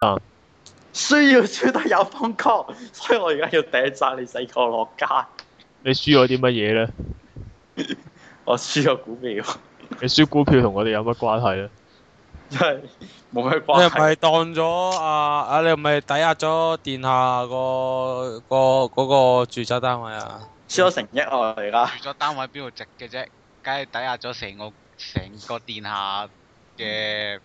啊！需要輸得有風格，所以我而家要頂晒你細個落街。你輸咗啲乜嘢咧？我輸咗 股票 你是是、啊。你輸股票同我哋有乜關係咧？即係冇乜關係。你係咪當咗啊？阿你係咪抵押咗殿下個個嗰、那個住宅單位啊？輸咗成億牌啊！而家住咗單位邊度值嘅啫？梗係抵押咗成個成個殿下嘅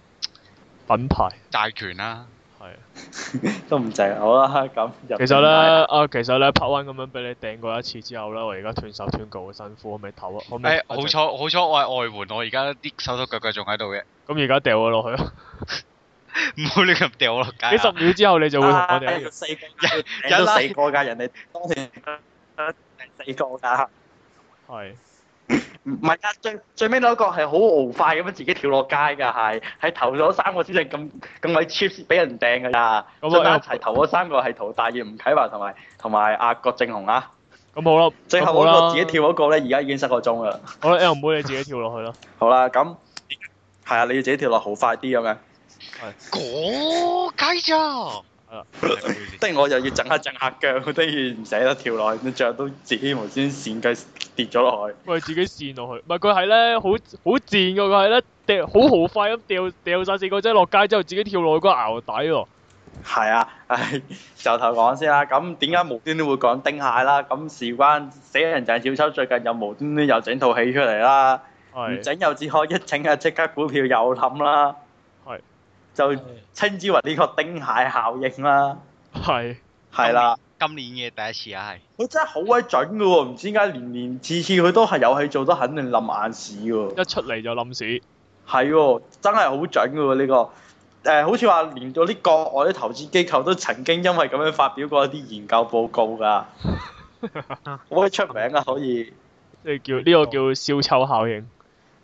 品牌債權啦。 都唔正好啦。咁，其實咧，啊，其實咧，拍 o 咁樣俾你掟過一次之後咧，我而家斷手斷腳好辛苦，可咪可以唞啊？可、欸、好彩，好彩，我係外援，我而家啲手手腳腳仲喺度嘅。咁而家掉我落去咯，唔好 亂咁掉落街啊！幾十 秒之後你就會同我哋要、啊、四個，頂四個人、啊人個，人四個㗎，人哋頂到，誒，四個㗎，係。唔係啊，最最尾嗰個係好敖快咁樣自己跳落街噶，係係投咗三個先，令咁咁位 cheap 俾人掟噶咋，咁啊一齊投咗三個係陶大宇吳啟華同埋同埋阿郭正雄啊，咁好啦，最後嗰個自己跳嗰個咧，而家已經三個鐘啦，好啦，L 妹你自己跳落去咯，好啦，咁係啊，你要自己跳落好快啲咁樣，係， 嗰計咋，係即係我又要震下震下腳，都要唔捨得跳落，你最後都自己無端端閃計。跌咗落去，佢自己跣落去，唔係佢係咧好好賤噶，佢係咧掉好豪快咁掉掉晒四個仔落街之後，自己跳落去嗰個牛底喎。係啊，唉，由頭講先啦。咁點解無端端會講丁蟹啦？咁事關死人鄭少秋最近又無端端又整套戲出嚟啦，唔整又只可一整啊，即刻股票又冧啦。係，就稱之為呢個丁蟹效應啦。係，係啦。今年嘅第一次啊，係佢真係好鬼準㗎喎，唔知點解年年次次佢都係有戲做得，肯定冧眼屎㗎喎，一出嚟就冧屎，係喎、哦，真係好準㗎喎呢個，誒、呃、好似話連到啲國外啲投資機構都曾經因為咁樣發表過一啲研究報告㗎，好鬼 出名啊可以，即係叫呢個叫少秋、這個、效應，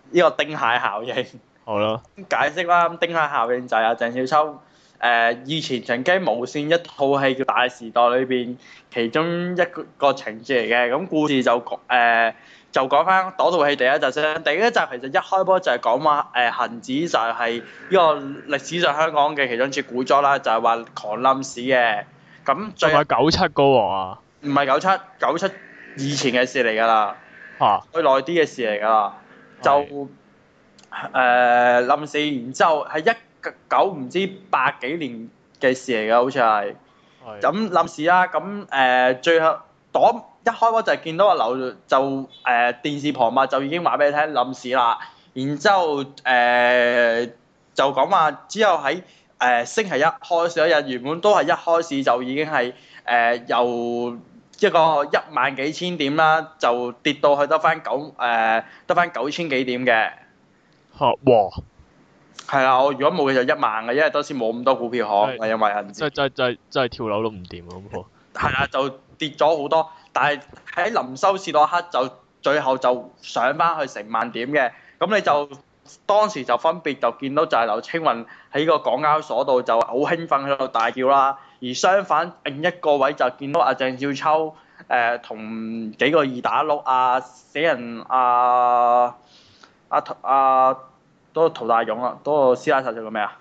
呢個丁蟹效應，好啦了，解釋啦，丁蟹效應就係阿鄭少秋。誒以前曾經無線一套戲叫《大時代》，裏邊其中一個個情節嚟嘅，咁故事就講誒就講翻嗰套戲第一集先。第一集其實一開波就係講話誒恒指就係呢個歷史上香港嘅其中一節古蹟一次股災啦，就係話狂冧市嘅。咁係咪九七個王啊？唔係九七，九七以前嘅事嚟㗎啦。嚇！最耐啲嘅事嚟㗎啦，就誒冧死完之後係一。九唔知百幾年嘅事嚟嘅，好似係。咁冧市啦，咁誒、呃、最後，當一開波就見到阿劉就誒、呃、電視旁白就已經話俾你聽冧市啦。然後、呃、之後誒就講話之後喺誒星期一開始一日，原本都係一開始，開始就已經係誒、呃、由一個一萬幾千點啦，就跌到去得返九誒得返九千幾點嘅。嚇！係啊，我如果冇嘅就一萬嘅，因為當時冇咁多股票行，係因為銀紙。真真真真係跳樓都唔掂啊！咁好。係啊，就跌咗好多，但係喺臨收市嗰刻就最後就上返去成萬點嘅，咁你就當時就分別就見到就係劉青雲喺個港交所度就好興奮喺度大叫啦，而相反另一個位就見到阿鄭少秋誒同幾個二打六啊，死人啊啊啊！都陶大勇啊，都師奶，殺，仲有咩啊？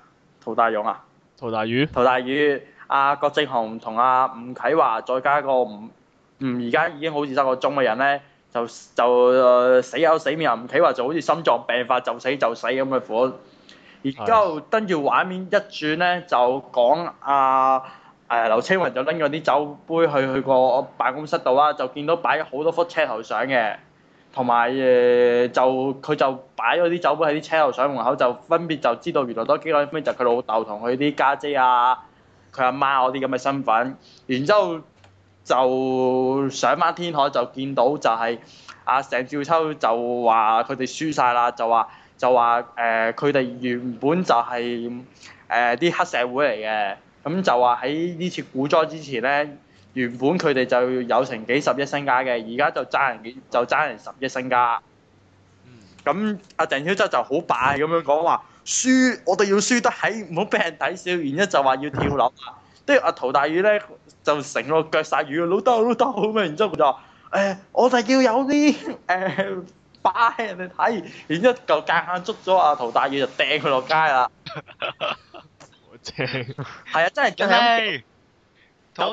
陶大勇啊？陶大宇？陶大宇，阿、啊、郭正雄同阿、啊、吳啟華，再加個唔唔，而家已經好似三個鐘嘅人咧，就就，就、呃、死有死面啊！吳啟華就好似心臟病發就死就死咁嘅款，而家又跟住畫面一轉咧，就講阿誒劉青雲就拎咗啲酒杯去去個辦公室度啦，就見到擺咗好多幅車頭相嘅。同埋誒，就佢就擺咗啲酒杯喺啲車友上門口，就分別就知道原來多幾個人就佢老豆同佢啲家姐啊，佢阿媽，嗰啲咁嘅身份，然之後就就上翻天台就見到就係阿鄭少秋，就話佢哋輸晒啦，就話就話誒，佢、呃、哋原本就係誒啲黑社會嚟嘅，咁就話喺呢次股災之前咧。原本佢哋就有成幾十億身家嘅，而家就爭人就爭人十億身家。咁阿、嗯、鄭曉周就好霸氣咁樣講話，輸我哋要輸得起，唔好俾人睇笑，然之後就話要跳樓啊！啲阿陶大宇咧就成個腳晒瘀啊，老豆老豆好樣，然之後就話誒、欸，我就要有啲誒霸氣人哋睇，然之後就夾硬捉咗阿陶大宇就掟佢落街啦。 好正。係啊， 真係勁 我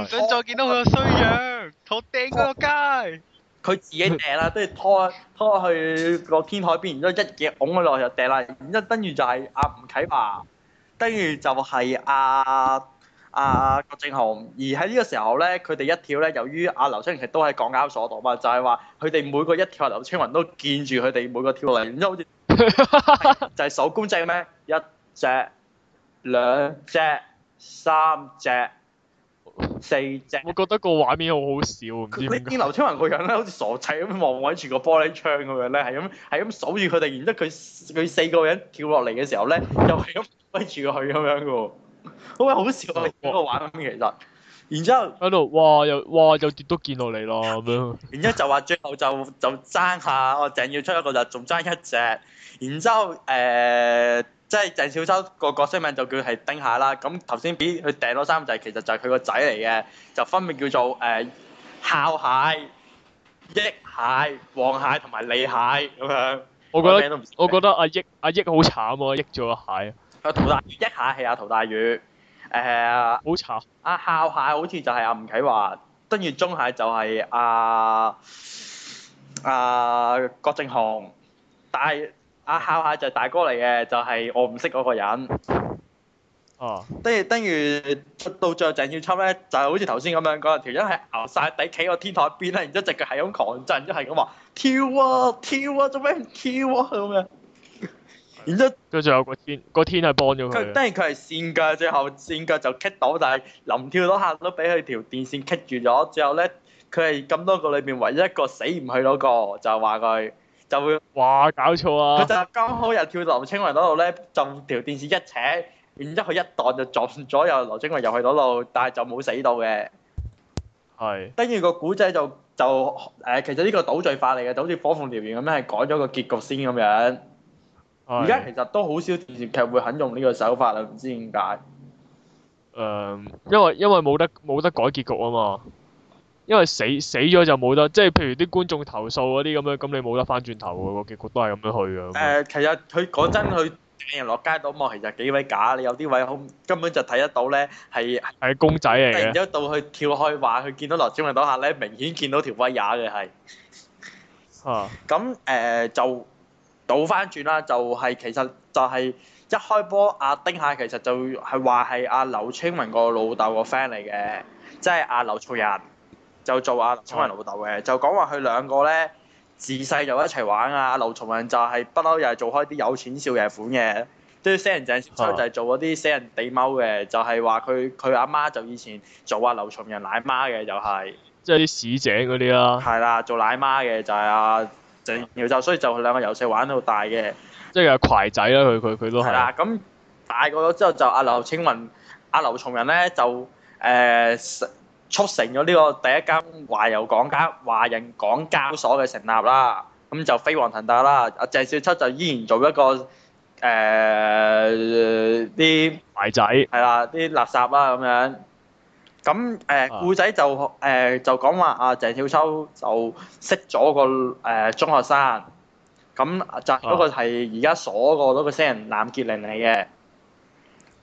唔想再見到佢個衰樣，我掟佢落街。佢自己掟啦，跟住拖拖去個天台邊，然之後一嘢㧬佢落去就掟啦。然之後跟住就係阿吳啟華，跟住就係阿阿郭正雄。而喺呢個時候咧，佢哋一跳咧，由於阿劉青雲係都係港交所度嘛，就係話佢哋每個一跳，劉青雲都見住佢哋每個跳嚟，然之後好似就係數公仔咩？一隻、兩隻、三隻。四隻，我覺得個畫面好好笑。你見劉青雲個樣咧，好似傻仔咁望喺住個玻璃窗咁樣咧，係咁係咁數住佢哋，然之後佢佢四個人跳落嚟嘅時候咧，又係咁望住佢咁樣噶，好鬼好笑啊！嗰個畫面其實，然之後喺度，哇！又哇！又跌都見到你咯咁樣。 然之後就話最後就就爭下，我淨要出一個就仲爭一隻，然之後誒。呃即係鄭少秋個角色名就叫係丁蟹啦，咁頭先俾佢掟咗三個仔，其實就係佢個仔嚟嘅，就分別叫做誒、呃、孝蟹、益蟹、旺蟹同埋利蟹咁樣。Okay? 我覺得我，我覺得阿益阿益好慘喎，益咗個蟹。阿陶大宇，益蟹係阿陶大宇。誒、呃，好慘。阿、啊、孝蟹好似就係阿吳啟華，跟住中蟹就係阿阿郭政鴻，但係。阿哮下就係大哥嚟嘅，就係我唔識嗰個人。哦。等於等於到最後鄭耀秋咧，就係好似頭先咁樣嗰條人係熬晒底企喺個天台邊咧，然之後隻腳係咁狂震，一係咁話跳啊跳啊，做咩唔跳啊咁樣。然之後佢仲有個天，個天係幫咗佢。佢當然佢係跣腳，最後跣腳就棘到，但係臨跳到下都俾佢條電線棘住咗。之後咧，佢係咁多個裏邊唯一一個死唔去嗰個，就話佢。就會，哇，搞錯啊！佢就剛好又跳到劉青雲嗰度咧，浸條電視一扯，然之後佢一擋就撞咗入劉青雲入去嗰度，但係就冇死到嘅。係是。跟住個古仔就就誒、呃，其實呢個倒敍法嚟嘅，就好似《火鳳燎原》咁樣，係改咗個結局先咁樣。而家是其實都好少電視劇會肯用呢個手法啦，唔知點解。誒、嗯。因為因為冇得冇得改結局啊嘛。因為死死咗就冇得，即係譬如啲觀眾投訴嗰啲咁樣，咁你冇得翻轉頭喎，個結局都係咁樣去嘅。誒，其實佢講真，佢等人落街度望，其實幾位假，你有啲位好根本就睇得到咧，係係公仔嚟嘅。然之後到去跳開話，佢見到劉青雲嗰下咧，明顯見到條威也嘅係。啊！咁誒就倒翻轉啦，就係其實就係一開波阿丁下，其實就係話係阿劉青雲個老豆個 friend 嚟嘅，即係阿劉翠仁，就做阿劉松仁老豆嘅，就講話佢兩個咧自細就一齊玩啊！劉松仁就係不嬲又係做開啲有錢少爺款嘅，即係死人鄭少秋就係做嗰啲死人地踎嘅，啊、就係話佢佢阿媽就以前做阿劉松仁奶媽嘅、就是，又係即係啲市井嗰啲啦。係啦，做奶媽嘅就係阿鄭少秋，啊、所以就兩個由細玩到大嘅，即係阿逵仔啦、啊，佢佢佢都係啦。咁大個咗之後就青，就阿劉青雲，阿劉松仁咧就誒。呃促成咗呢個第一間華郵港交華人港交所嘅成立啦，咁就飛黃騰達啦。阿鄭少秋就依然做一個誒啲、呃、壞仔，係啦，啲垃圾啦咁樣。咁誒故仔就誒、啊呃、就講話阿鄭少秋就識咗個誒、呃、中學生，咁就嗰、是、個係而家鎖個嗰個新人杰藍潔瑛嚟嘅，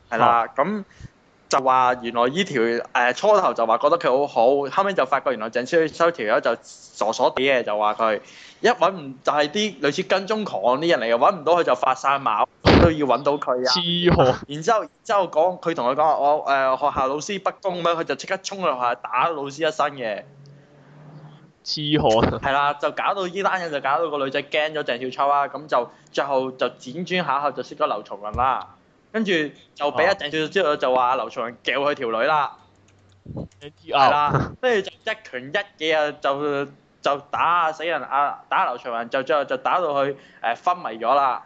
係啦，咁、啊。啊就話原來依條誒初頭就話覺得佢好好，後尾就發覺原來鄭少秋條友就傻傻哋嘅，就話佢一揾唔就係、是、啲類似跟蹤狂啲人嚟嘅，揾唔到佢就發晒茅，都要揾到佢啊！痴漢猴。然之後，之後講佢同佢講話，我誒、呃、學校老師不公咁，佢就即刻衝落去學校打老師一身嘅。痴漢猴。係啦， 就搞到依單嘢就搞到個女仔驚咗鄭少秋啊，咁、嗯、就最後就輾轉下下就識咗劉松仁啦。跟住就俾一陣少之後就話劉翔雲叫佢條女啦，係啦，跟住、oh. 就一拳一嘅就就打死人啊，打劉翔雲，就最後就打到佢誒昏迷咗啦。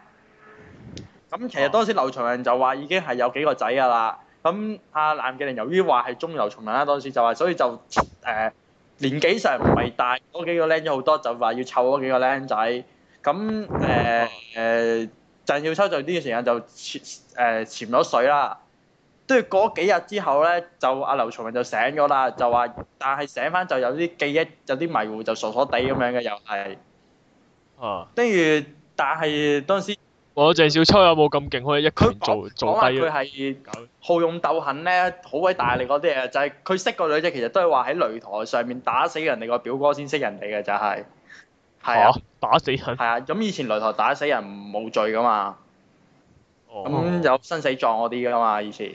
咁其實當時劉翔雲就話已經係有幾個仔噶啦。咁阿藍健玲由於話係中劉翔雲啦，當時就話所以就誒、呃、年紀上唔係大多幾個靚咗好多，就話要湊多幾個靚仔。咁誒誒。呃呃鄭少秋就呢段時間就潛誒潛咗水啦，跟住過幾日之後咧，就阿劉松仁就醒咗啦，就話但係醒翻就有啲記憶，有啲迷糊，就傻傻地咁樣嘅又係，啊，跟住但係當時，哇！鄭少秋有冇咁勁可以一拳做做低啊？講話佢係好勇鬥狠咧，好鬼大力嗰啲嘢，就係佢識個女仔，其實都係話喺擂台上面打死人哋個表哥先識人哋嘅就係。係啊，打死佢。係啊，咁以前擂台打死人冇罪，噶嘛。咁有、oh. 生死狀嗰啲噶嘛以前。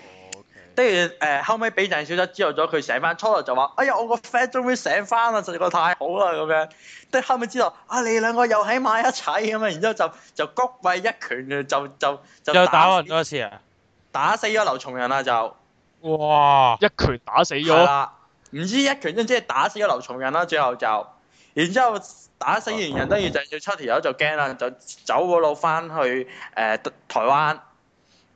哦、oh, okay.。跟住誒後尾俾鄭少秋知道咗，佢醒翻初嚟就話：，哎呀，我個 friend 終於醒翻啦，實在過太好啦咁樣。跟住後尾知道啊，你兩個又喺埋一齊咁啊，然之後就就谷貴一拳就就就。就就就打又打咗多次啊！打死咗劉松仁啦就。哇！一拳打死咗。係啦，唔知一拳真即係打死咗劉松仁啦，最後就。然之後打死完人，跟住鄭少秋條友就驚啦，就走嗰路翻去誒台灣，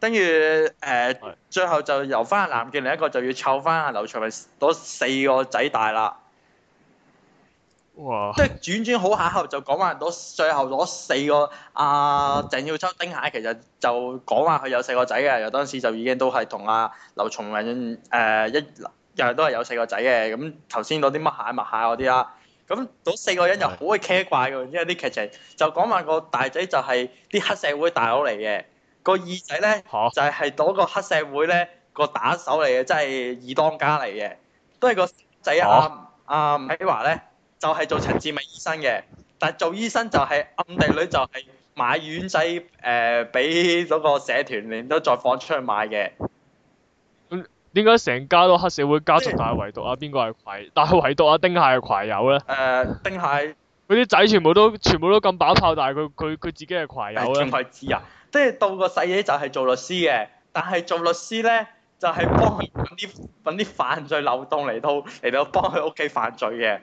跟住誒最後就由翻阿南建另一個就要湊翻阿劉松榮嗰四個仔大啦，哇！即係轉轉好巧合，就講話攞最後攞四個阿鄭、呃、少秋丁蟹其實就講話佢有四個仔嘅，由當時就已經都係同阿劉松榮誒一又係都係有四個仔嘅，咁頭先攞啲乜蟹墨蟹嗰啲啦。蟹蟹。咁嗰四個人又好鬼奇怪嘅，的因為啲劇情就講話個大仔就係啲黑社會大佬嚟嘅，個二仔咧就係係攞個黑社會咧個打手嚟嘅，即係二當家嚟嘅，都係個仔阿阿米華咧就係、是、做陳志明醫生嘅，但係做醫生就係、是、暗地裏就係買丸仔誒俾嗰個社團，然都再放出去賣嘅。點解成家都黑社會家族大圍、啊，大係唯獨阿邊個係魁？但係唯獨阿丁蟹係魁友咧？誒，丁蟹。佢啲仔全部都，全部都咁把炮，但係佢佢佢自己係魁友咧？仲費事啊！即、就、係、是、到個細嘢就係做律師嘅，但係做律師咧就係、是、幫揾啲揾啲犯罪漏洞嚟到嚟到幫佢屋企犯罪嘅。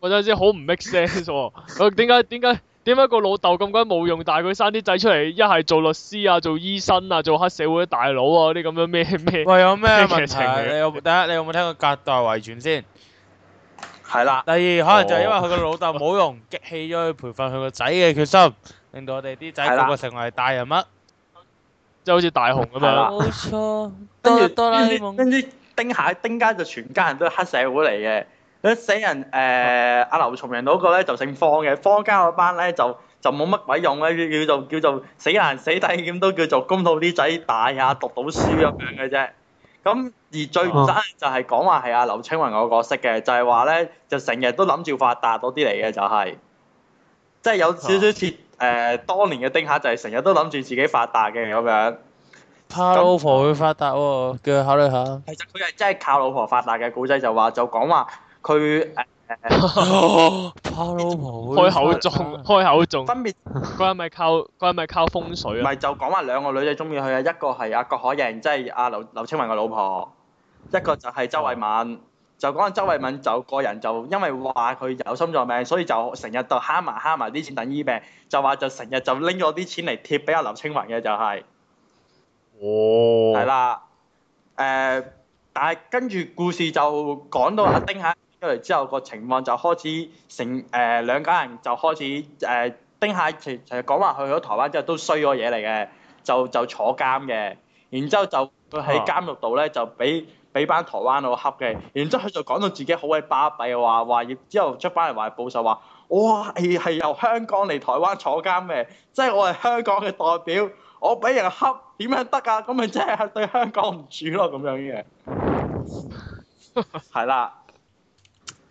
我真係知好唔 make sense 喎、哦！點解點解？點解個老豆咁鬼冇用，但係佢生啲仔出嚟，一係做律師啊，做醫生啊，做黑社會大佬啊，啲咁樣咩咩？喂，有咩問題、啊？情啊、你有，有，第一你有冇聽過隔代遺傳先？係啦。第二可能就係因為佢個老豆冇用，oh. 激起咗去培訓佢個仔嘅決心，令到我哋啲仔個個成為大人物，即係啦 好似大雄咁樣。冇錯對啦。跟 住， 跟住，跟住，丁蟹丁家就全家人都係黑社會嚟嘅。嗰死人誒阿劉松仁嗰個咧，就姓方嘅，方家個班咧就就冇乜鬼用咧，叫叫做叫做死爛死抵咁都叫做供到啲仔大下讀到書咁樣嘅啫。咁而最唔爭就係講話係阿劉青雲個角色嘅，就係話咧就成日都諗住發達嗰啲嚟嘅，就係即係有少少似誒當年嘅丁克，就係成日都諗住自己發達嘅咁樣。怕老婆會發達喎，叫佢考慮下。其實佢係真係靠老婆發達嘅，故仔就話就講話。佢誒，開口中，開口中，分別，佢係咪靠佢係咪靠風水啊？唔係就講話兩個女仔中意佢啊，一個係阿郭可盈，即係阿劉劉青雲嘅老婆，一個就係周慧敏。就講阿周慧敏就個人就因為話佢有心臟病，所以就成日都慳埋慳埋啲錢等醫病，就話就成日就拎咗啲錢嚟貼俾阿劉青雲嘅就係。哦。係啦。誒，但係跟住故事就講到阿丁啊。跟住之後個情況就開始成誒、呃、兩家人就開始誒盯、呃、下，成成日講話去咗台灣之後都衰咗嘢嚟嘅，就就坐監嘅。然之後就喺監獄度咧就俾俾班台灣佬恰嘅。然之後佢就講到自己好鬼巴閉，話話之後出返嚟話報仇，話我係由香港嚟台灣坐監嘅，即係我係香港嘅代表，我俾人恰點樣得㗎、啊？咁咪即係對香港唔住咯咁樣嘅，係啦。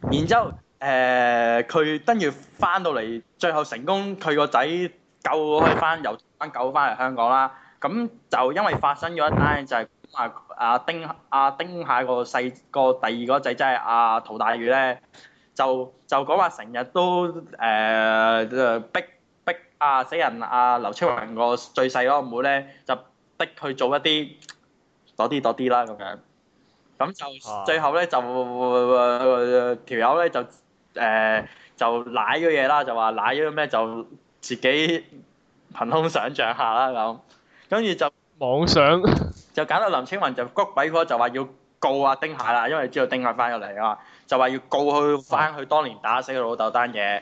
然之後，誒佢跟住翻到嚟，最後成功佢個仔救佢翻，又翻救翻嚟香港啦。咁就因為發生咗一單，就係講話阿丁阿、啊、丁蟹個細個第二個仔即係阿陶大宇咧，就就講話成日都誒、呃、逼逼阿、啊、死人阿、啊、劉青雲個最細嗰個妹咧，就逼佢做一啲多啲多啲啦咁樣。咁就最後咧就條友咧就誒就賴咗嘢啦，就話賴咗咩就自己憑空想像下啦咁，跟住就妄想就揀到林青雲就谷底嗰就話要告阿、啊、丁蟹啦，因為知道丁蟹翻咗嚟啊嘛，就話要告佢翻去當年打死佢老豆單嘢。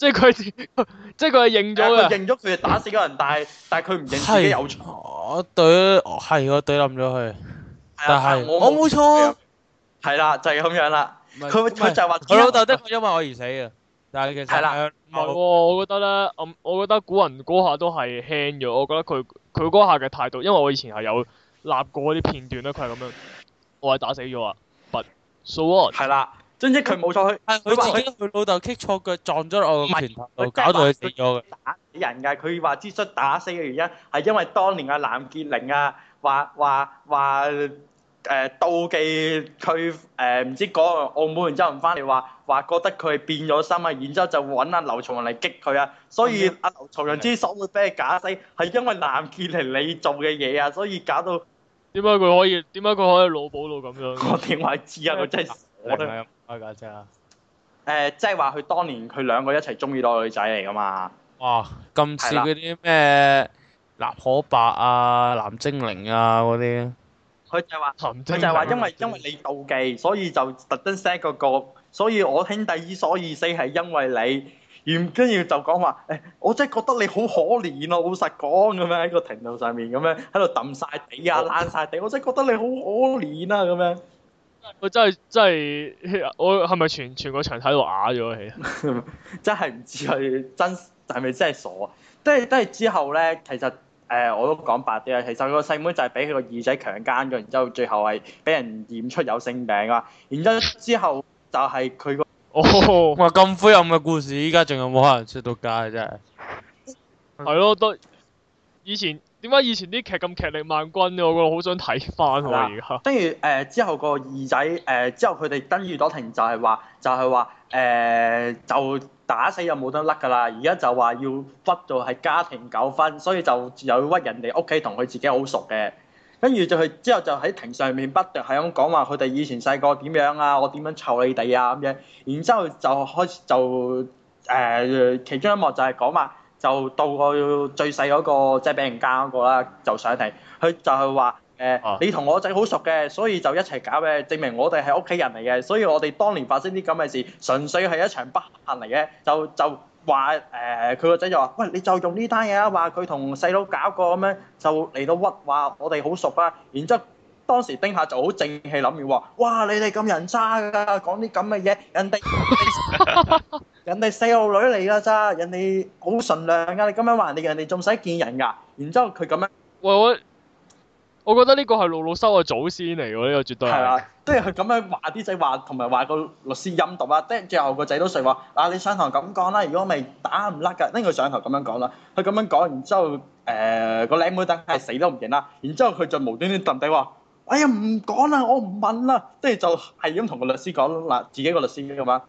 即係佢，即係佢係認咗、啊、認咗佢就打死嗰個人，但係但係佢唔認自己有錯。我懟，係我懟冧咗佢。的但係是我冇錯、啊。係啦，就係、是、咁樣啦。佢佢就話佢老豆的確因為我而死嘅。 但係其實係啦，唔係我覺得咧，我我覺得古人嗰下都係輕咗。我覺得佢佢嗰下嘅態度，因為我以前係有立過啲片段咧，佢係咁樣，我係打死咗啊。But so what。係啦。總之佢冇錯，佢係佢自己佢老豆踢錯腳撞咗我個拳頭，搞到佢死咗嘅。打死人㗎！佢話之叔打死嘅原因係因為當年阿藍潔玲啊，話話話誒妒忌佢誒，唔知嗰個澳門人之後唔翻嚟話話覺得佢係變咗心啊，然之後就揾阿劉松仁嚟激佢啊。所以阿劉松仁之叔會俾佢打死係因為藍潔玲你做嘅嘢啊，所以搞到點解佢可以點解佢可以攞寶到咁樣？我點解知啊？我真係我哋。開價啫，誒，即係話佢當年佢兩個一齊中意到個女仔嚟噶嘛？哇，咁似嗰啲咩《納可白》啊，《藍精靈》啊嗰啲。佢就話，佢就話，因為因為你妒忌，所以就特登 set 嗰個局。所以我兄弟之所以死係因為你。然跟住就講話，誒，我真係覺得你好可憐，我老實講咁樣喺個程度上面咁樣喺度抌晒地啊，爛晒地，我真係覺得你好可憐啊，咁樣。我真係真係，我係咪全全個場睇到啞咗啊？真係唔知佢真係咪真係傻啊！即係即係之後咧，其實誒、呃、我都講白啲啊，其實佢個細妹，妹就係俾佢個二仔強姦咗，然之後最後係俾人驗出有性病啊！然之後之後就係佢個哦，咁灰暗嘅故事，依家仲有冇可能出到街？真係，係咯，都以前。點解以前啲劇咁劇力萬鈞嘅？我覺得我好想睇翻喎。跟住誒，之後個二仔，誒，之後佢哋登御多庭，就係話就係話，誒，就打死又冇得甩㗎啦。而家就話要屈到係家庭糾紛，所以就又要屈人哋屋企同佢自己好熟嘅。跟住就係之後就喺庭上面不斷係咁講話佢哋以前細個點樣啊，我點樣湊你哋啊咁樣。然之後就開始就誒、呃、其中一幕就係講話。就到最、嗰個最細嗰個即係俾人奸嗰個啦，就上嚟，佢就係話誒，欸啊、你同我仔好熟嘅，所以就一齊搞嘅，證明我哋係屋企人嚟嘅，所以我哋當年發生啲咁嘅事，純粹係一場不幸嚟嘅，就就話誒，佢個仔就話，喂，你就用呢單嘢啊，話佢同細佬搞過咁樣，就嚟到屈話我哋好熟啊，然之後。當時丁下就好正氣諗住話：哇！你哋咁人渣㗎，講啲咁嘅嘢，人哋人哋細路女嚟㗎咋，人哋好純良㗎，你咁樣話人哋，人哋仲使見人㗎。然之後佢咁樣，喂，我覺得呢個係路路修嘅祖先嚟㗎，呢個絕對係。係啦，即係佢咁樣話啲仔話，同埋話個律師陰毒啦。即係最後個仔都 swear 話：嗱，你上堂咁講啦，如果咪打唔甩㗎，拎佢上堂咁樣講啦。佢咁樣講，然之後誒個靚妹仔係死都唔認啦。然之後佢就無端端掟底喎。哎呀，唔講啦，我唔問啦，即係就係咁同個律師講嗱，自己個律師咁樣，就話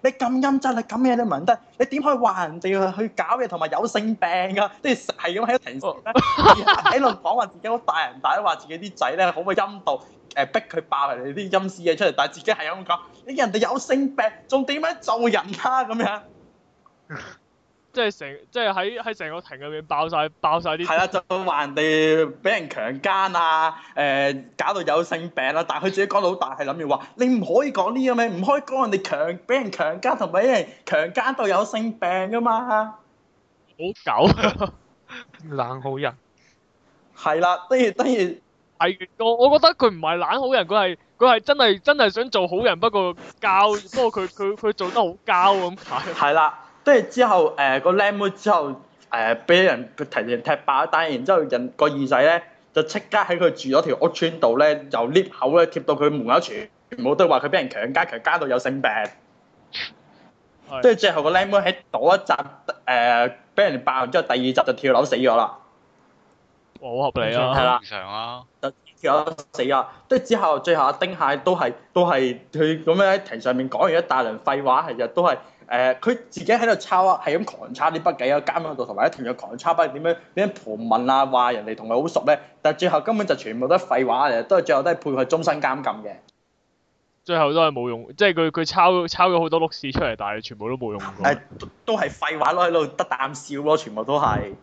你咁陰質，你咁嘢你問得，你點可以話人哋去搞嘢同埋有性病噶，啊？即係係咁喺度停住喺度講話自己好大人大，話自己啲仔咧好唔可，可陰道誒逼佢爆嚟啲陰私嘢出嚟，但係自己係咁講，你人哋有性病，仲點樣做人啊？咁樣。即係成，即係喺喺成個庭入面爆晒，爆晒啲係啦，就話人哋俾人強姦啊，誒搞到有性病啦。但係佢自己講到好大係諗住話，你唔可以講呢樣嘢，唔可以講人哋強俾人強姦同埋俾人強姦到有性病噶嘛。好狗，懶好人。係啦，當然當然係我，我覺得佢唔係懶好人，佢係佢係真係真係想做好人，不過教不過佢佢佢做得好教咁係啦。即係之後，誒個靚妹之後，誒、呃、俾人提前踢爆一單，然之後人個二仔咧就即刻喺佢住咗條屋邨度咧，由 𨋢 口咧貼到佢門口處，全部都話佢俾人強姦強姦到有性病。即係的最後個靚妹喺嗰一集誒俾、呃、人爆完之後，第二集就跳樓死咗啦。哇！好合理啊，正常啊。死啊！即係之後，最後阿丁蟹都係都係佢咁樣喺庭上面講完一大輪廢話，係就都係誒佢自己喺度抄，係咁狂抄啲筆記啊，監喺度，同埋一庭入狂抄筆點樣點樣盤問啊，話人哋同佢好熟咧。但係最後根本就全部都係廢話嚟，都係最後都係配佢終身監禁嘅。最後都係冇用，即係佢佢抄抄咗好多碌屎出嚟，但係全部都冇用。誒，都係廢話咯，喺度得啖笑咯，全部都係。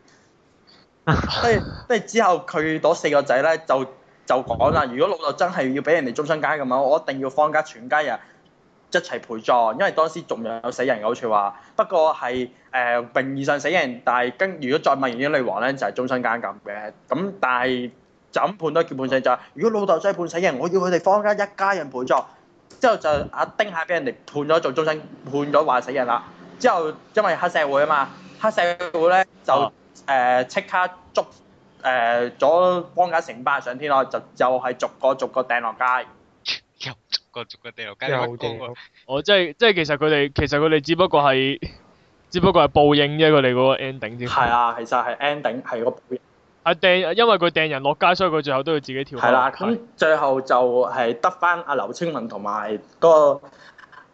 跟住跟住之後，佢嗰四個仔咧就。就講啦，如果老豆真係要俾人哋終身監咁樣，我一定要方家全家人一齊陪葬，因為當時仲有死人好似話，不過係誒名義上死人，但係跟如果再問完女王咧，就係、是、終身監咁嘅，咁但係就判都叫判死就係，如果老豆真係判死人，我要佢哋方家一家人陪葬，之後就阿丁下俾人哋判咗做終身判咗話死人啦，之後因為黑社會啊嘛，黑社會咧就誒即、呃、刻捉。誒左幫緊成班上天囉，就又係逐個逐個掟落街。逐個逐個掟落街，好多。我即係即係其實佢哋，其實佢哋只不過係只不過係報應啫，佢哋嗰個 ending。係啊，其實係 ending 係個報應。係掟，因為佢掟人落街，所以佢最後都要自己跳。係啦，咁最後就係得翻阿劉青雲同埋嗰個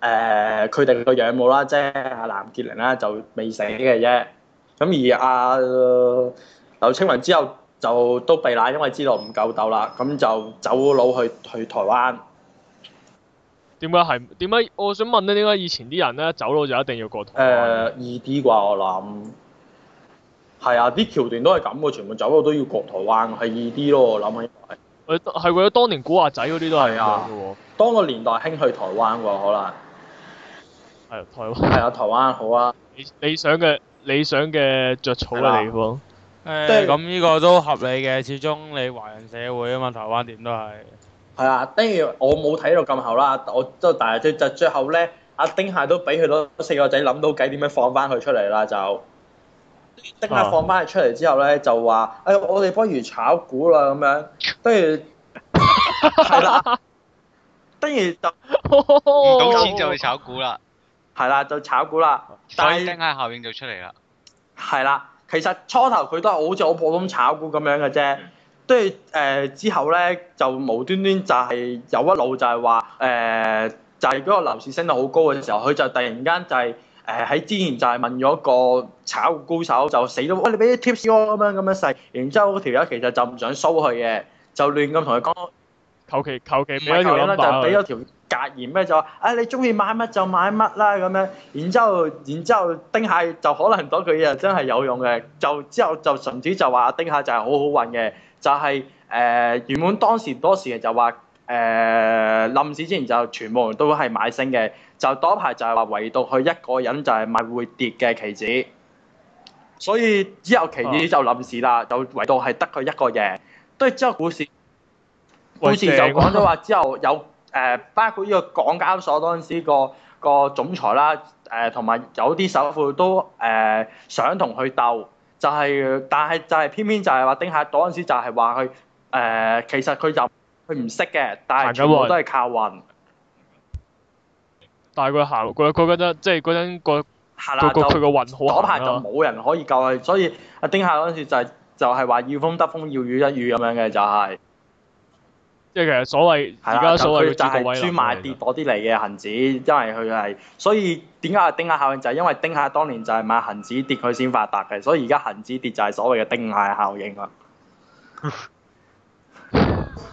佢哋個養母啦，即係阿藍潔玲啦，就未死嘅啫。咁而阿。有清完之後，就都避難，因為知道唔夠鬥啦，咁就走佬去去台灣。點解係點解？我想問咧，點解以前啲人咧走佬就一定要過台灣？誒、呃，易啲啩我諗。係啊，啲橋段都係咁嘅，全部走佬都要過台灣，係易啲咯。我諗起。誒係喎，為咗當年古惑仔嗰啲都係啊，當個年代興去台灣喎，可能係台灣係啊，台灣好啊，你理想嘅理想嘅著草嘅地方。咁呢、欸、個都合理嘅，始終你華人社會啊嘛，台灣點都係。係啊，等於我冇睇到咁後啦，我都但係即最後咧，阿丁蟹都俾佢嗰四個仔諗到計，點樣放翻佢出嚟啦就？丁蟹放翻佢出嚟之後咧，就話誒、啊哎，我哋不如炒股啦咁樣，等於係啦，等於、 啊、就唔賭錢就去炒股啦，係啦、啊，就炒股啦。所以丁蟹後邊就出嚟啦。係啦、啊。其實初頭佢都係好似好普通炒股咁樣嘅啫，都係誒之後咧就無端端就係有一路就係話誒就係、是、嗰個樓市升得好高嘅時候，佢就突然間就係誒喺之前就係問咗個炒股高手就死都餵、哎、你俾啲 tips 我咁樣咁樣勢，然之後嗰條友其實就唔想收佢嘅，就亂咁同佢講求其求其俾啲咁啦，就俾咗條。格言咩就話，啊你中意買乜就買乜啦咁樣，然之後，然之後丁蟹就可能嗰句嘢真係有用嘅，就之後就甚至就話丁蟹就係好好運嘅，就係誒原本當時多時就話誒冧市之前就全部人都係買升嘅，就嗰排就係話唯獨佢一個人就係咪會跌嘅期指，所以之後期指就冧市啦，就唯獨係得佢一個贏，都係之後股市股市就講咗話之後有。誒包括呢個港交所當時個、那個總裁啦，誒同埋有啲首富都誒、呃、想同佢鬥，就係、是、但係就係偏偏就係話丁蟹嗰陣時就係話佢誒其實佢就佢唔識嘅，但係全部都係靠運。啊、但係佢行，佢佢覺得即係嗰陣個佢個佢個運好嗰排就冇人可以救佢，所以阿丁蟹嗰陣時就係、是、就係、是、話要風得風，要雨一雨咁、就是、樣嘅就係、是。即係其實所謂而家所謂就專買跌嗰啲嚟嘅恒指，因為佢係，所以點解係丁蟹效應就係、是、因為丁蟹當年就係買恒指跌佢先發達嘅，所以而家恒指跌就係所謂嘅丁蟹效應啦。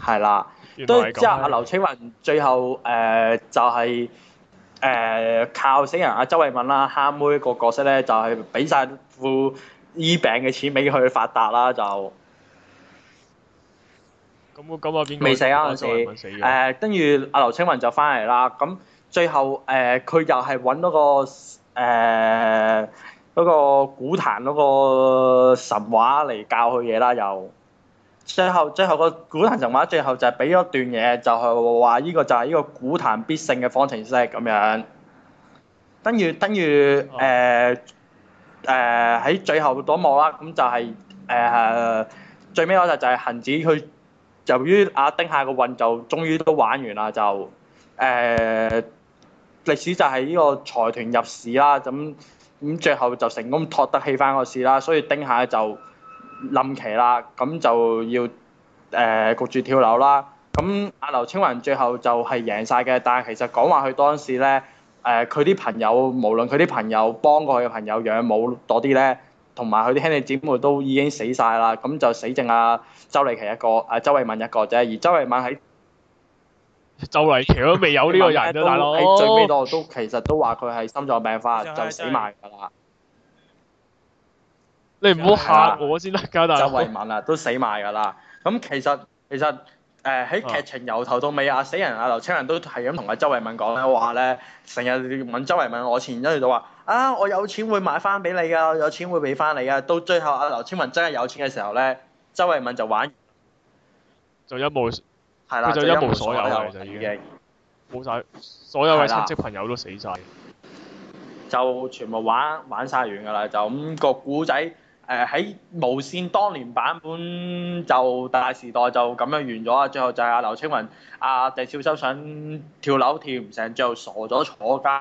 係啦 的，都之後啊，劉青雲最後誒、呃、就係、是、誒、呃、靠死人阿周慧敏啦，蝦妹個角色咧就係俾晒副醫病嘅錢俾佢發達啦就。咁咁啊！我未死啊？嗰陣時，跟住阿劉青雲就翻嚟啦。咁、嗯、最後誒，佢、呃、又係揾嗰個誒、呃嗰個、古壇嗰個神話嚟教佢嘢啦。又、呃、最後最後個古壇神話，最後就係俾一段嘢，就係話呢個就係呢個古壇必勝嘅方程式咁樣。跟住跟住誒誒喺最後嗰幕啦，咁就係誒最尾嗰就就係恆子佢。由於阿丁蟹個運就終於都玩完啦，就誒、呃、歷史就係呢個財團入市啦，咁咁最後就成功托得起翻個市啦，所以丁蟹就冧期啦，咁就要誒焗住跳樓啦。咁阿劉青雲最後就係贏晒嘅，但係其實講話佢當時咧，誒佢啲朋友無論佢啲朋友幫過佢嘅朋友養冇多啲咧。同埋佢啲兄弟姊妹都已經死晒啦，咁就死剩阿周麗淇一個，阿周慧敏一個啫。而周慧敏喺周麗淇都未有呢個人啦，大佬。喺最尾度都其實都話佢係心臟病發、哦、就死埋㗎啦。你唔好嚇我先得㗎，啊、周慧敏啦都死埋㗎啦。咁 其實其實誒喺、呃、劇情由頭到尾啊，死人啊，劉青雲都係咁同阿周慧敏講咧話咧，成日問周慧敏攞錢，跟住就話。啊！我有錢會買翻俾你噶，有錢會俾翻你噶。到最後，阿劉青雲真係有錢嘅時候咧，周慧敏就玩就一無，係啦的，就一無所有啦，的就已經冇晒，所有嘅親戚朋友都死晒，就全部玩玩晒完㗎啦，就咁、嗯，那個古仔誒喺無線當年版本就大時代就咁樣完咗啦。最後就係阿劉青雲，阿、啊、鄭少秋想跳樓跳唔成，最後傻咗坐監。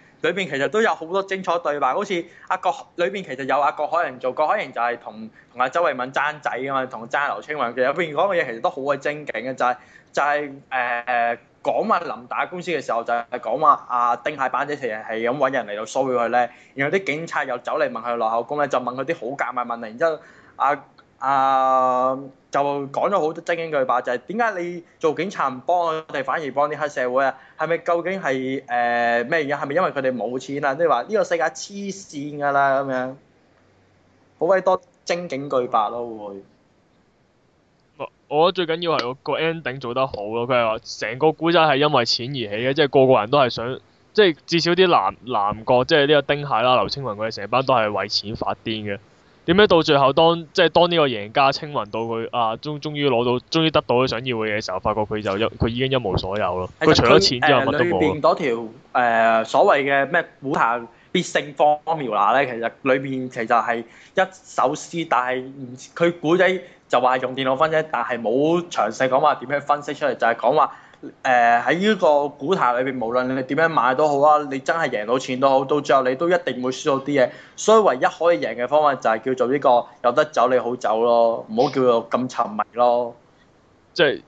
裏邊其實都有好多精彩對白，好似阿郭裏邊其實有阿郭海盈做，郭海盈就係同同阿周慧敏爭仔啊嘛，同爭劉青雲。其實入邊講嘅嘢其實都好鬼精警嘅，就係、是、就係誒講話林打官司嘅時候，就係講話阿丁蟹版仔其實係咁揾人嚟到騷擾佢咧，然後啲警察又走嚟問佢落口供咧，就問佢啲好尷尬嘅問題，然之後阿。啊啊、uh，就講咗好多精警句白，就係點解你做警察唔幫我哋，反而幫啲黑社會啊？係咪究竟係誒咩嘢？因、呃？係咪因為佢哋冇錢啊？即係話呢個世界黐線㗎啦，咁樣好鬼多精警巨白咯，會。我我覺得最緊要係個 ending 做得好咯。佢係話成個古仔係因為錢而起嘅，即係個個人都係想，即、就、係、是、至少啲男男角，即係呢個丁蟹啦、劉青雲佢哋成班都係為錢發癲嘅。點解到最後當即係當呢個贏家稱勻到佢啊，終終於攞到，終於得到佢想要嘅嘢時候，發覺佢就一佢已經一無所有咯。佢除咗錢之外、呃、乜都冇。誒裏邊嗰條、呃、所謂嘅咩古塔必勝方妙法咧，其實裏邊其實係一首詩，但係佢古仔就話係用電腦分析，但係冇詳細講話點樣分析出嚟，就係講話。誒喺呢個股壇裏邊，無論你點樣買都好啊，你真係贏到錢都好，到最後你都一定會輸到啲嘢。所以唯一可以贏嘅方法就係叫做呢個有得走你好走咯，唔好叫做咁沉迷咯。即係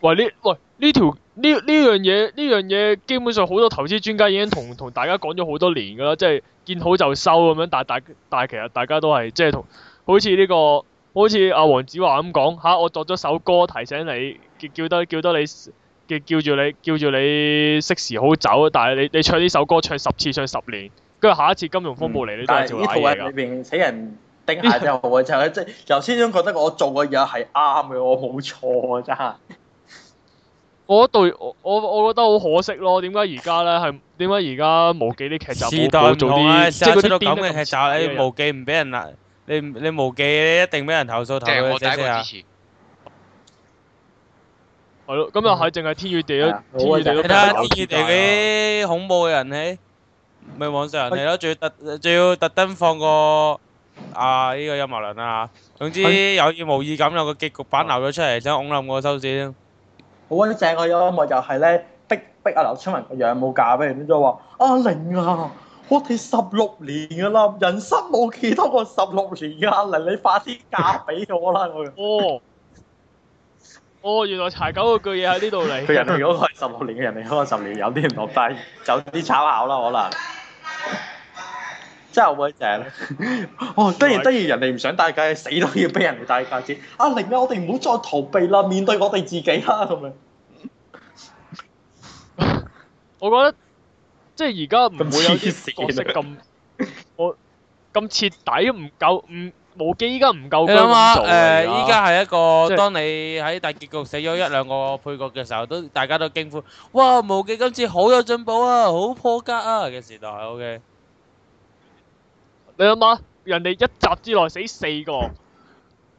喂呢喂呢條呢呢樣嘢呢樣嘢，基本上好多投資專家已經同同大家講咗好多年㗎喇，即係見好就收咁樣。但但但，但其實大家都係即係同好似呢個好似阿黃子華咁講吓，我作咗首歌提醒你叫得叫得你。嘅叫住你，叫住你適時好走，但係你你唱呢首歌唱十次，唱十年，跟住下一次金融風暴嚟，嗯、你都係照嚟噶、嗯。但係呢死人盯下真係好鬼即係由始至終覺得我做嘅嘢係啱嘅，我冇錯啊！真係。我對我我覺得好可惜咯，點解而家咧係點解而家無記啲劇集冇做啲，即係嗰啲咁嘅劇集咧，無記唔俾人，你你無記你你一定俾人投訴，投係咯，今日係淨係天與地咯，天與地咯。其他天與地嗰啲恐怖嘅人呢？咪網上人嚟咯，仲要特仲要特登放個啊呢個音樂輪啊！總之有意無意咁有個結局版流咗出嚟，想㧬我收線。好安靜啊，音樂又係咧逼逼啊，劉春文個樣冇嫁俾你，只話阿玲啊，我哋十六年噶啦，人生冇幾多個十六年噶啦，你快啲嫁俾我啦佢。哦，原來柴九嗰句嘢喺呢度嚟。佢 人哋嗰個係十六年嘅人哋可能十年，有啲唔落低，有啲炒拗啦可能。 真係好鬼正。 哦，得然，得然，人哋唔想戴戒指，死都要俾人哋戴戒指。阿玲啊，我哋唔好再逃避啦，面對我哋自己啦，咁樣。 我覺得即係而家唔會有啲事，其實咁我咁徹底，唔夠唔。無記依家唔夠姜做嚟噶，誒，依家係一個當你喺大結局死咗一兩個配角嘅時候，都大家都驚呼，哇，無記今次好有進步啊，好破格啊嘅時代，OK。你諗下，人哋一集之內死四個，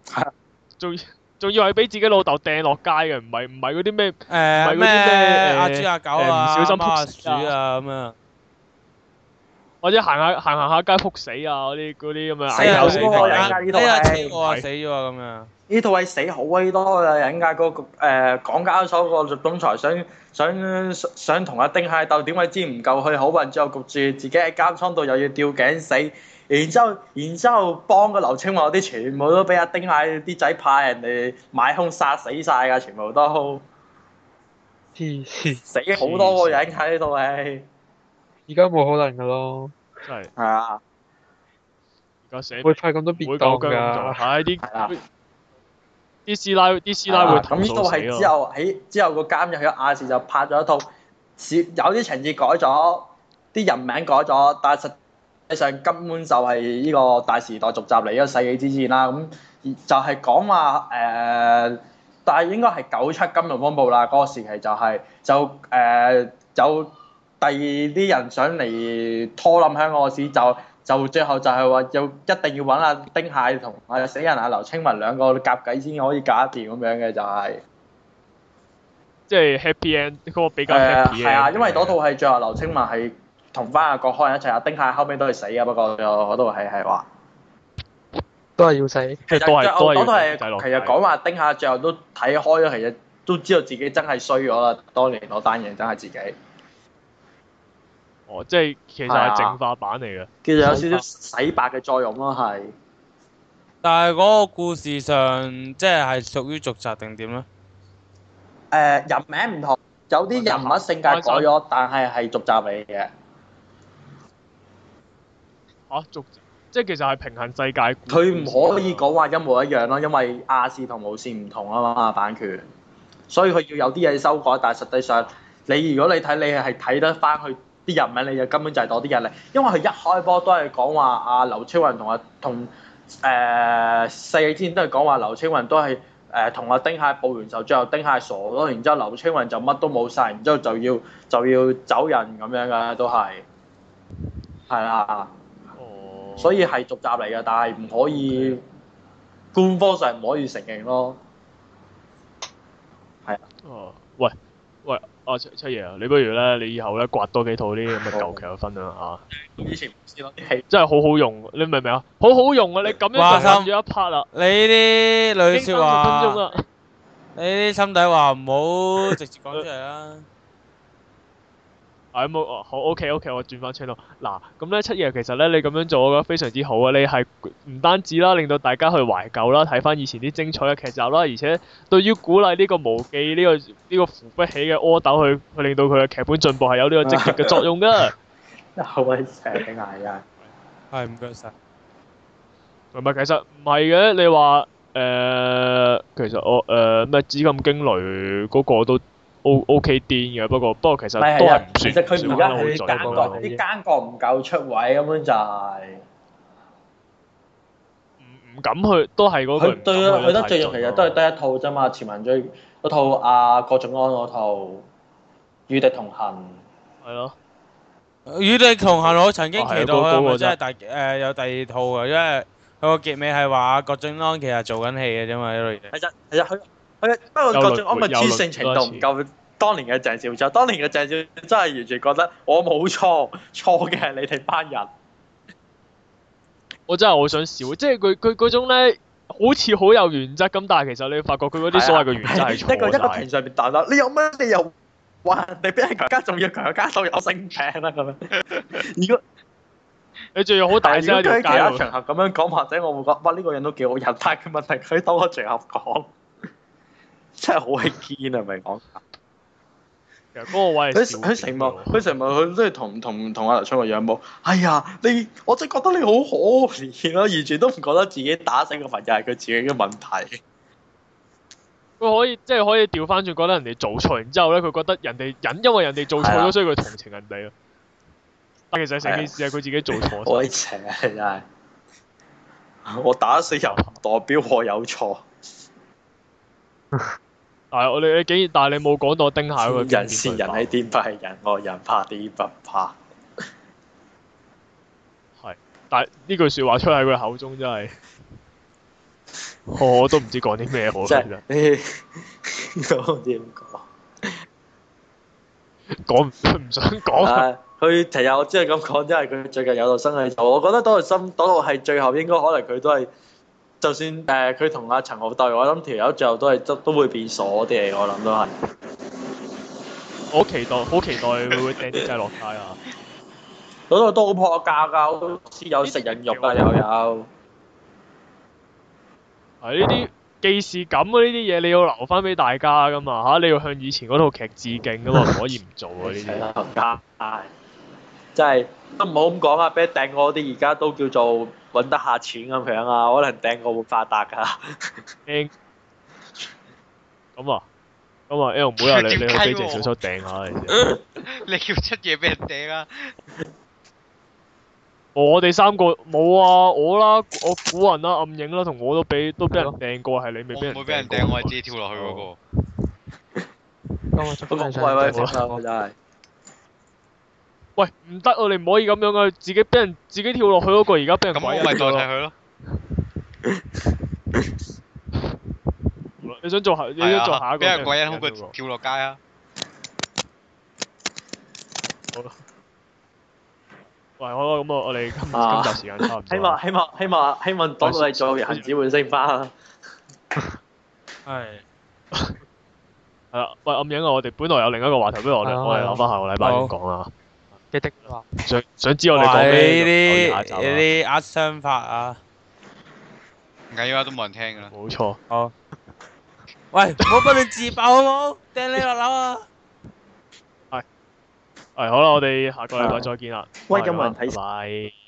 係啊，仲仲以為俾自己老豆掟落街嘅，唔係唔係嗰啲咩，誒咩阿豬阿狗啊，阿貓阿鼠啊，咁啊。或者行下行行下街，撲死啊！嗰啲嗰啲咁樣，死咗個呢套死咗咁啊！呢套係死好啊！多啊。人家，那個誒，港，呃、交所個總裁想想想同阿丁蟹鬥，點解知唔夠去好運之後焗住自己喺監倉度又要吊頸死，然之後然之後幫個劉青雲嗰啲全部都俾阿丁蟹啲仔派人哋買空殺死晒噶，全部都死好多個人喺呢度係，而家冇可能噶咯。真係係啊！而家社會派咁多變動㗎，係啲啲師奶，啲師奶會咁呢度係之後喺之後個監入去亞視就拍咗一套，有啲情節改咗，啲人名改咗，但係實際上根本就係呢個《大時代》續集嚟，呢個《世紀之戰》啦，咁就係講話誒，但係應該係九七金融風暴啦，嗰個時期就係就誒就。第二啲人上嚟拖冧香港市，就就最後就係話要一定要揾阿丁蟹同死人阿劉青雲兩個夾計先可以搞得掂咁樣嘅，就係即係 happy end 嗰個比較 happy 係啊，因為嗰套係最後劉青雲係同翻阿郭開人一齊，阿丁蟹後尾都係死啊。不過我都係係話都係要死，其實我我講話丁蟹最後都睇開咗，其實都知道自己真係衰咗啦，當年攞單嘢真係自己。哦，即係其實係淨化版嚟嘅、啊，其實有少少洗白嘅作用咯。係，但係嗰個故事上，即係屬於續集定點咧？誒、呃，人名唔同，有啲人物性格改咗，啊、但係係續集嚟嘅。啊，續集即係其實係平衡世界、啊。佢唔可以講話一模一樣咯，因為亞視同無綫唔同啊嘛版權，所以佢要有啲嘢修改。但係實際上，你如果你睇，你係睇得翻去。啲人名你就根本就係多啲人嚟，因為佢一開波都係講話阿劉青雲同阿同誒世紀之戰都係講話劉青雲都係誒同阿丁蟹報完仇之後，丁蟹傻咗，然之後劉青雲就乜都冇晒，然之後就要就要走人咁樣噶都係，係啦，哦，所以係續集嚟噶，但係唔可以官方上唔可以承認咯，係啊，哦，喂。啊七七爺啊，你不如咧，你以後咧刮多幾套啲咁嘅舊劇嘅分啦嚇。咁以前唔知咯，係、啊、 真係好好用，你明唔明啊？好好用啊！你咁樣就，掛心咗一 part 啦。你啲女説話， 你啲心底話唔好直接講出嚟啦。 啊嗯、好 OK OK，我轉翻 channel 嗱，咁呢、嗯、七爺其實呢，你咁樣做我覺得非常之好啊！你係唔單止啦，令到大家去懷舊啦，睇翻以前啲精彩嘅劇集啦，而且對於鼓勵呢個無記呢、呢個呢、呢個扶不起嘅阿斗去去令到佢嘅劇本進步係有呢個積極嘅作用啊！好偉大啊！係唔該晒，唔係，其實唔係嘅。你話誒、呃，其實我誒咩、呃《紫禁驚雷》嗰、嗰個都。O O K 掂嘅，不過不過其實都係唔算。其實佢而家佢奸角啲奸角唔夠出位，根本就係唔唔敢去，都係嗰句。對啊，佢得最弱，其實都係得一套啫嘛。潛行追嗰套阿郭晉安嗰套《與敵同行》係咯，《與敵同行》我曾經期待佢會即係第誒有第二套嘅，因為佢個結尾係話郭晉安其實做緊戲嘅啫嘛。其實其實佢。不過嗰種我咪知性程度唔夠當年嘅鄭少秋，當年嘅鄭少秋真係完全覺得我冇錯，錯嘅係你哋班人。我真係好想笑，即係佢佢嗰種咧，好似好有原則咁，但係其實你發覺佢嗰啲所謂嘅原則係錯嘅。喺台、啊、上面打打，是你有乜你又話人哋比人家仲要強家，其他都有性病啊咁樣？ 如果 你仲要好大聲，如果喺其他場合咁樣講，或者我會覺得呢個人都幾好人，但係問題佢喺當個場合講。真係好係堅啊！咪講，其實嗰個位，佢佢成日，佢成日佢都係同同同阿劉春個樣冇。哎呀，你我真係覺得你好可憐咯，完全都唔覺得自己打死個朋友係佢自己嘅問題。佢可以即係、就是、可以調返轉，覺得人哋做錯，然之後咧，佢覺得人哋忍，因為人哋做錯咗，啊、所以佢同情人哋咯。但其實成件事係佢自己做錯。可憐啊！真係、啊，我打死人代表我有錯。 但係我哋，你竟然，但係你冇講到丁蟹下佢。善人善人係點怕係人惡人怕，天不怕。係。 但係呢句説話出喺佢口中真係、哦，我都唔知講啲咩好。真係。 啊、我點講？講唔想講。係。佢成日我知佢咁講，真係佢最近有套新戲做，我覺得嗰套新嗰套係最後應該可能佢都係。就算誒佢同阿陳豪對，我諗條友最後都係都都會變傻啲嚟。我諗都係。好期待，好期待會唔會掟啲仔落台啊！嗰度 都好破格噶，好似有食人肉些有有啊，又有。係呢啲既視感呢啲嘢，你要留翻俾大家噶嘛嚇、啊？你要向以前嗰套劇致敬噶嘛，可以唔做㗎呢啲。真係，即係都唔好咁講啊！俾頂 些 我啲而家都叫做。搵得下錢咁樣啊，可能掟個會發達噶。L，咁啊，咁啊，L 唔好又你你幾隻小手掟下嚟先。你要出嘢俾人掟啊！我哋三個冇啊，我啦，我古人啦，暗影啦，同我都俾都俾人掟過，係你未俾人掟？我係自己跳落去嗰個。今日出咗威威十三個仔。喂，唔得喎，你唔可以咁樣噶，自己俾人自己跳落去嗰個，而家俾人鬼咗啦。咁，咁咪代替佢咯？你想做下？你想做下一個？俾人鬼人好過跳落街啊！好啦。喂，好啦，咁我我哋今集時間差唔多。希望希望希望希望多到你做原子半升花啦。係。係啦，喂，暗影啊！我哋本來有另一個話題，不如我哋我哋攞翻下個禮拜先講啦。記得想想知我哋講咩？呢啲呢啲壓商法啊，唔而家都冇人聽噶啦。冇錯錯。好 、哦。喂，唔好幫你自爆好唔好？掟 你落樓啊！係係、哎哎、好啦，我哋下個禮拜再見啦。喂，咁冇吧人睇？